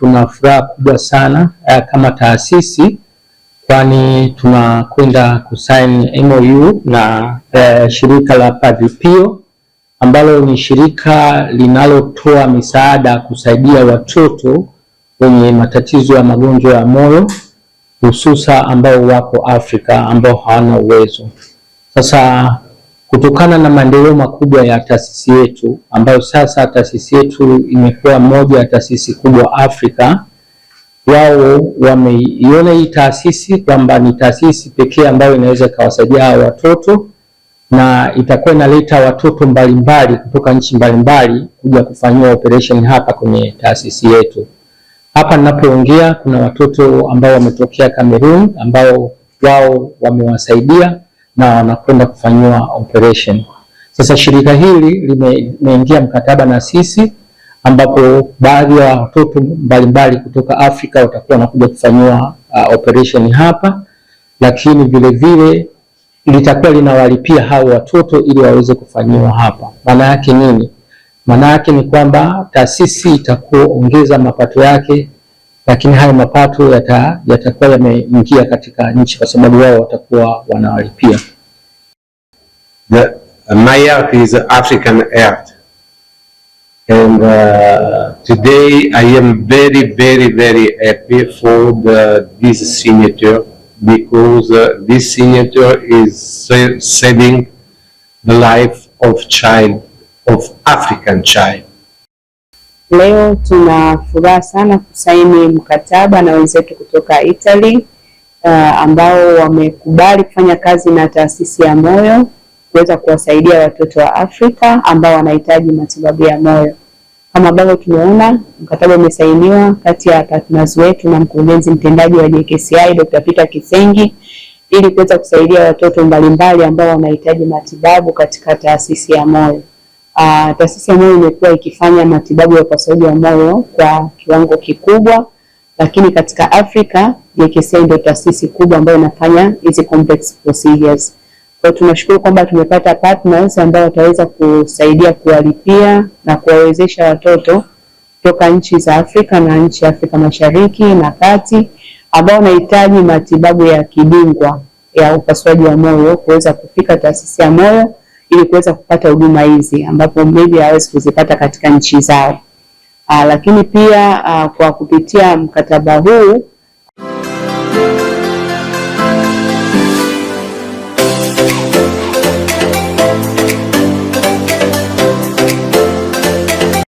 tuna furaha kubwa sana eh, kama taasisi, kwani tunakwenda kusign MOU na eh, shirika la Padipio ambalo ni shirika linalotoa misaada kusaidia watoto wenye matatizo ya magonjwa ya moyo hususa ambao wako Afrika ambao hawana uwezo. Sasa kutokana na maendeleo makubwa ya taasisi yetu ambayo sasa taasisi yetu imekuwa moja ya taasisi kubwa Afrika. Wao wameiona hii taasisi kwamba ni taasisi pekee ambayo inaweza ikawasaidia watoto na itakuwa inaleta watoto mbalimbali kutoka nchi mbalimbali kuja kufanyiwa operation hapa kwenye taasisi yetu. Hapa ninapoongea kuna watoto ambao wametokea Cameroon ambao wao wamewasaidia na wanakwenda kufanyiwa operation. Sasa shirika hili limeingia mkataba na sisi ambapo baadhi ya watoto mbalimbali kutoka Afrika watakuwa wanakuja kufanyiwa uh, operation hapa, lakini vilevile litakuwa linawalipia hao watoto ili waweze kufanyiwa hapa. Maana yake nini? Maana yake ni kwamba taasisi itakuwa ongeza mapato yake lakini haya mapato yatakuwa yata yameingia katika nchi kwa sababu wao watakuwa wanawalipia. The earth uh, is African Act and uh, today I am very very very happy for the, this signature because uh, this signature is saving the life of child of African child Leo tuna furaha sana kusaini mkataba na wenzetu kutoka Italy uh, ambao wamekubali kufanya kazi na taasisi ya moyo kuweza kuwasaidia watoto wa Afrika ambao wanahitaji matibabu ya moyo. Kama ambavyo tumeona mkataba umesainiwa kati ya partners wetu na mkurugenzi mtendaji wa JKCI Dr. Peter Kisengi ili kuweza kusaidia watoto mbalimbali ambao wanahitaji matibabu katika taasisi ya moyo. Uh, taasisi ya moyo imekuwa ikifanya matibabu ya upasuaji wa moyo kwa kiwango kikubwa, lakini katika Afrika JKCI ndio taasisi kubwa ambayo inafanya hizi complex procedures. Kwa tunashukuru kwamba tumepata partners ambao wataweza kusaidia kuwalipia na kuwawezesha watoto kutoka nchi za Afrika na nchi ya Afrika Mashariki na Kati ambao wanahitaji matibabu ya kibingwa ya upasuaji wa moyo kuweza kufika taasisi ya moyo ili kuweza kupata huduma hizi ambapo maybe hawezi kuzipata katika nchi zao. Aa, ah, lakini pia aa, ah, kwa kupitia mkataba huu